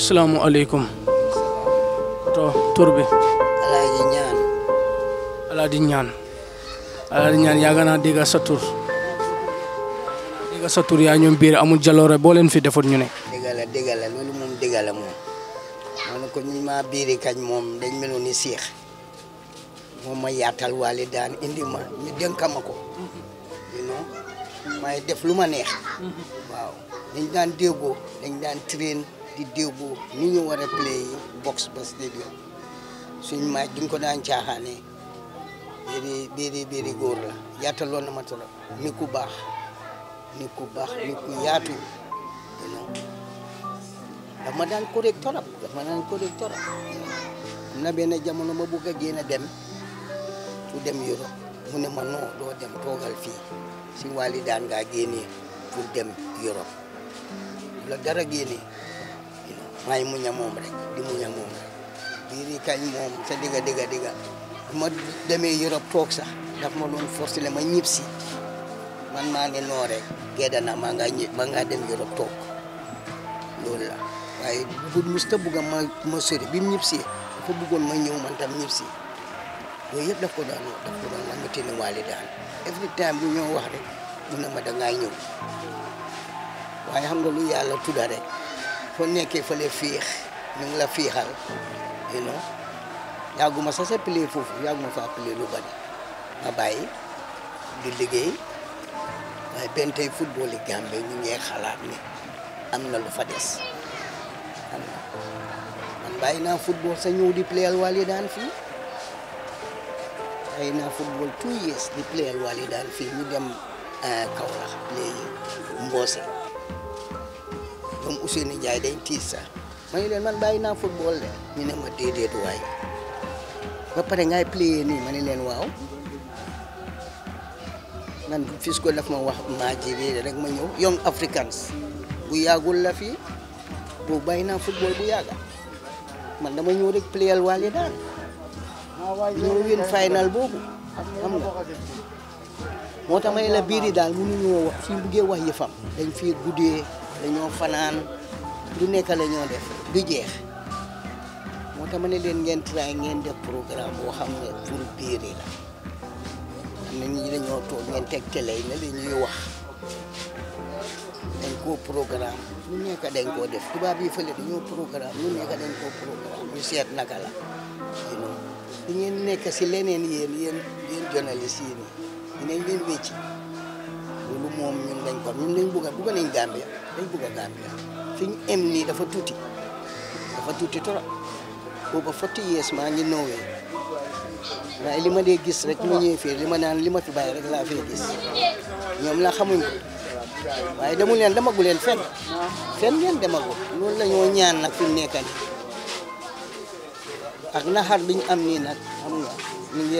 asalaamualeykum to turbe. aladi ñaan aladi ñaan aladi ñaan ya gana diga sa tur dégg sa tur yaa ñoom biir amul jaloore bo len fi defoon ñu ne dégala lolu mom moom dégala moom man ko ñi ma biiri kañ mom dañ melu ni seex mom ma yaatal walidan indi ma ñu denka mako you know may def luma neex mm-hmm. waaw dañ dan dego dañ dan train di diw bu ni ñu war a play box ba stadium suñ match duñ ko daan caaxaanee béeri béeri di góor la yaataloon na ma trop ku baax nit ku baax nit ku yaatu daf ma daan correct torop daan correct torop am na benn jamono ma bugg a génn a dem su dem Europe mu ne ma non doo dem toogal fii si wàlli daan ngaa génnee pour dem Europe la dara génnee maay muñ a moom rek di muñ a moom rek biiri kañ moom sa digga digga digga ma demee Europe toog sax daf ma doon forcé le ma ñibbisi man maa ngi noo rek gedda na maa nga ñib maa nga dem Europe toog loolu la waaye bu mus bi mu si dafa bëggoon ma ñëw man tam ñib si yooyu yëpp daf ko daan daf ko ma tene waale daal every time bu ñëw wax rek mun na ma dangaa ñëw waaye xam nga lu yàlla tudda rek boo nekkee fële fiix ñu ngi la fiixal you know yàgguma sax sa pile foofu yàgguma faa pile lu bari ma bàyyi di liggéey waaye benn tey football yi Gambie ñu ngi xalaat ni am na lu fa des man bàyyi naa football sa ñëw di two years di playal wàll daan fii ñu dem eh, Kaolack play Mbossé ñoom Ousseynou jay day tiis sax len man bayina football de ñu ne ma déedéet way ba pare ngay play ni man len waw man fis ko daf ma wax ma jibee rek ma ñew young africans bu yagul la fi bu bayina football bu yaga man dama ñew rek playal waale daal ñu win final boobu xam nga moo tax la biri dal mu ñu wax suñ buggee wax dañ fi guddé dañoo fanaan du nekk la ñoo def du jeex moo tax ma ne leen ngeen try ngeen def programme boo xam ne pour biiri la am na ñi dañoo toog ngeen teg télé yi ne dañuy wax dañ koo programme lu nekk dañ koo def tubaab yi fële dañoo programme lu nekk dañ koo programme ñu seet naka la du ngeen nekk si leneen yéen yéen yéen journaliste yi nii dinañ leen moom ñun dañ ko ñun dañ bugg a bugg nañ Gambia dañ bugg a Gambia em nii dafa tuuti dafa tuuti trop booba forty years maa ngi noowee waaye li ma dee gis rek ma ñëwee fii li ma naan li ma fi bàyyi rek laa fee gis ñoom la xamuñ ko waaye demu leen demagu leen fenn fenn ngeen demagu loolu la ñaan nag fi mu nekk ak naxar biñ am nii nag xam nga ñu ngi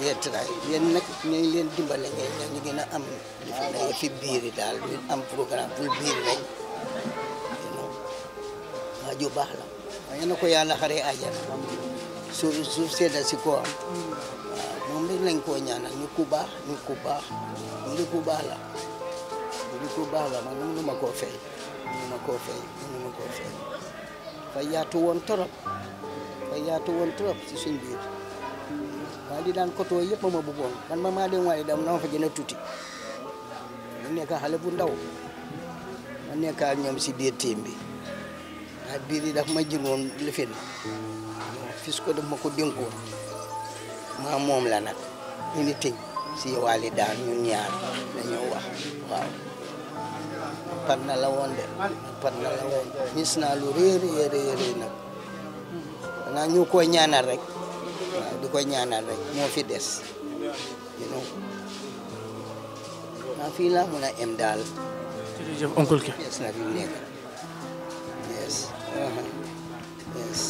leen tëraay yéen nag ñu leen dimbale ngay ñu gën a am li fi ne fi biir daal ñu am programme pour biir lañ waa ju baax la waaye yal na ko yàlla xaree àjjana suuf suuf seddal si koo am waaw moom rek lañ koo ñaanal ñu ku baax ñu ku baax ñu di ku baax la ñu di ku baax la man mënu ma koo fay mënu ma koo fay mënu ma koo fay fa yaatu woon trop fa yaatu woon trop si suñ biir di daan koto yépp ma bëggoon man ma maa dem waaye dam na ma fa gën a tuuti ma nekk xale bu ndaw ma ñoom si biir team bi biir yi daf ma jël woon lifin ko daf ma ko dénkoon maa moom la nag ñu ngi tëj si waali daan ñun ñaar dañoo wax waaw pat na la woon de pat na la woon gis naa lu réer réer ñu koy ñaanal rek di koy ñaanal rek moo fi des you know waaw ah, fii laa mën a em daal jërëjëf oncle ke yes na fi mu nekk yes uh-huh. yes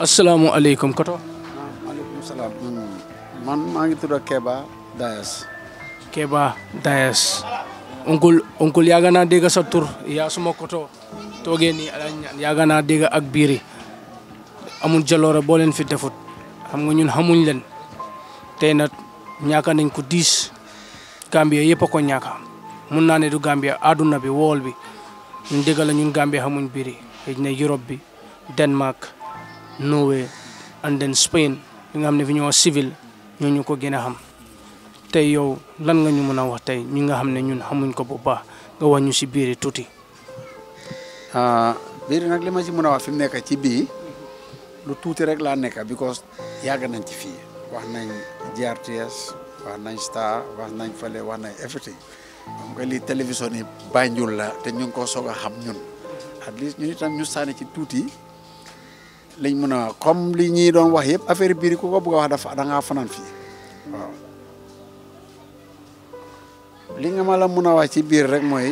asalaamualeykum koto maaleykum salaam man maa ngi tudd Keba Dayas Keba Dayas onkul onkul yaaga naa dégg sa tur yaa suma koto toogee nii ala ñaan yaaga naa dégg ak biiri amul jaloore boo leen fi defut xam nga ñun xamuñ leen tey nag ñaaka nañ ko diis Gambia yëpp a ko ñaaka mun naa ne du Gambia àdduna bi wool bi ñun dégg la ñun Gambia xamuñ biri xëy na Europe bi Denmark Norway and then Spain li nga xam ne fi ñoo civil ñoo ñu ko gën a xam tey yow lan nga ñu mën a wax tey ñi nga xam ne ñun xamuñ ko bu baax nga wax ñu si biiri tuuti. Ah, biiri nag li ma si mën a wax fi mu nekk ci bii. lu tuti rek la nekk because yaga nañ ci fi wax nañ GRTS wax nañ Star wax nañ fele wax nañ everything am nga television télévision yi Banjul la te ñu ko soga xam ñun at least ñu tam ñu sané ci tuti lañ mëna comme li ñi doon wax yépp affaire bi ri ko bëgg wax dafa da nga fanan fi waaw li nga mala mëna wax ci biir rek moy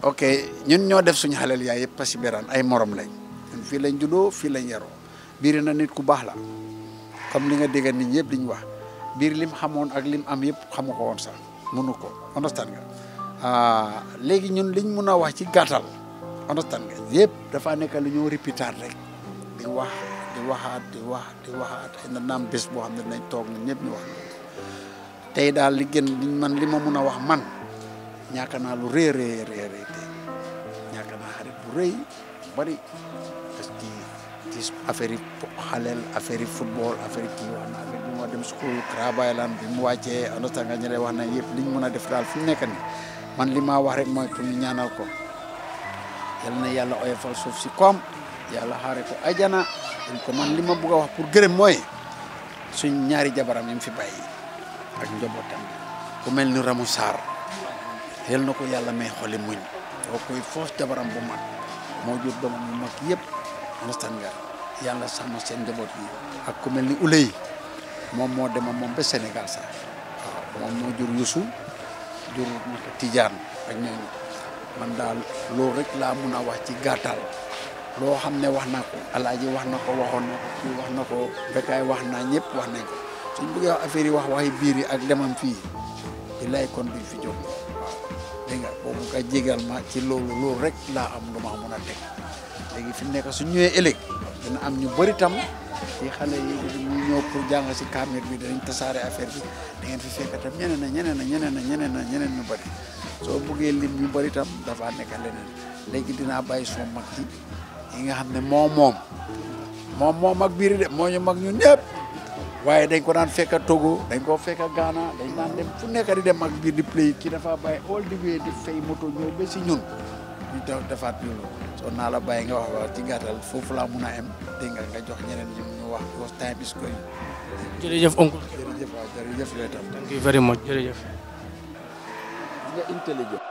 ok ñun ñoo def suñu xaleel yaay yëpp parce que ay morom lañ fi lañ judo fi lañ yaroo biri na nit ku bax la comme li nga dégg nit ñepp liñ wax biir lim xamoon ak lim am yépp xamuko ko woon sax mënu ko understand nga ah, légui ñun liñ mun a wax ci gàttal understand nga yépp dafa nekk lu ñoo répétaat rek di wax di waxaat di wax di waxaat xëy na naam bés boo xam ne toog ñun ñu wax tey daal li gën liñ man li ma nyakan a wax man ñàkk naa lu ñàkk xarit bu rëy bari athlétisme affaire yi affaire football affaire yi kii wax na affaire bi mu dem school Krabayelan bi mu wàccee understand nga ñu wax na yëpp li ñu def daal fi nekk nii man lima ma wax rek mooy pour ñaanal ko yal na yàlla oyofal suuf si koom yàlla xaare ko ajana ko man lima ma bëgg a wax pour gërëm mooy suñ ñaari jabaram yi mu fi bàyyi ak njabootam ku mel ni Ramou Sarr yal na may xoli muñ boo koy foos jabaram bu mag moo jur doomam bu mag yëpp understand nga yàlla sàmm seen njaboot yi ak ku mel ni uley moom moo demoon moom ba Sénégal sax waaw moom moo jur Yusu jur naka Tijaan ak ñooñu man daal loolu rek laa mun a wax ci gàttal loo xam ne wax naa ko alaaji wax na ko waxoon wax na ko Bekaay wax naa ñëpp wax nañ ko suñ wax affaire yi wax waxi biir yi ak demam fii billaay kon fi jóg jégal ci loolu loolu rek laa am lu ma mun a teg. léegi fi mu nekk su ñëwee ëllëg dina am ñu bëri tam ci xale yi ñu ñëw pour jàng si kaamir bi dañ tasaare affaire bi da ngeen fi fekk tam ñeneen na ñeneen na ñeneen ñeneen na ñeneen ñu bari soo buggee lim ñu bëri tam dafa nekk leneen léegi dina bàyyi suma mag ci yi nga xam ne moom moom moom moom mag biir de moo ñu mag ñu ñëpp waaye dañ ko daan fekk Togo dañ ko fekk Ghana dañ daan dem fu nekk di dem ak biir di play kii dafa bàyyi all the way di fay moto ñëw ba si ñun defaat loolu soo naa la bàyyi nga wax wax ci gàttal foofu laa mun a am dégg nga nga jox ñeneen ñi ñu wax because time is going. jërëjëf oncle jërëjëf waaw jërëjëf yow tam. thank you very much jërëjëf. nga intelligent.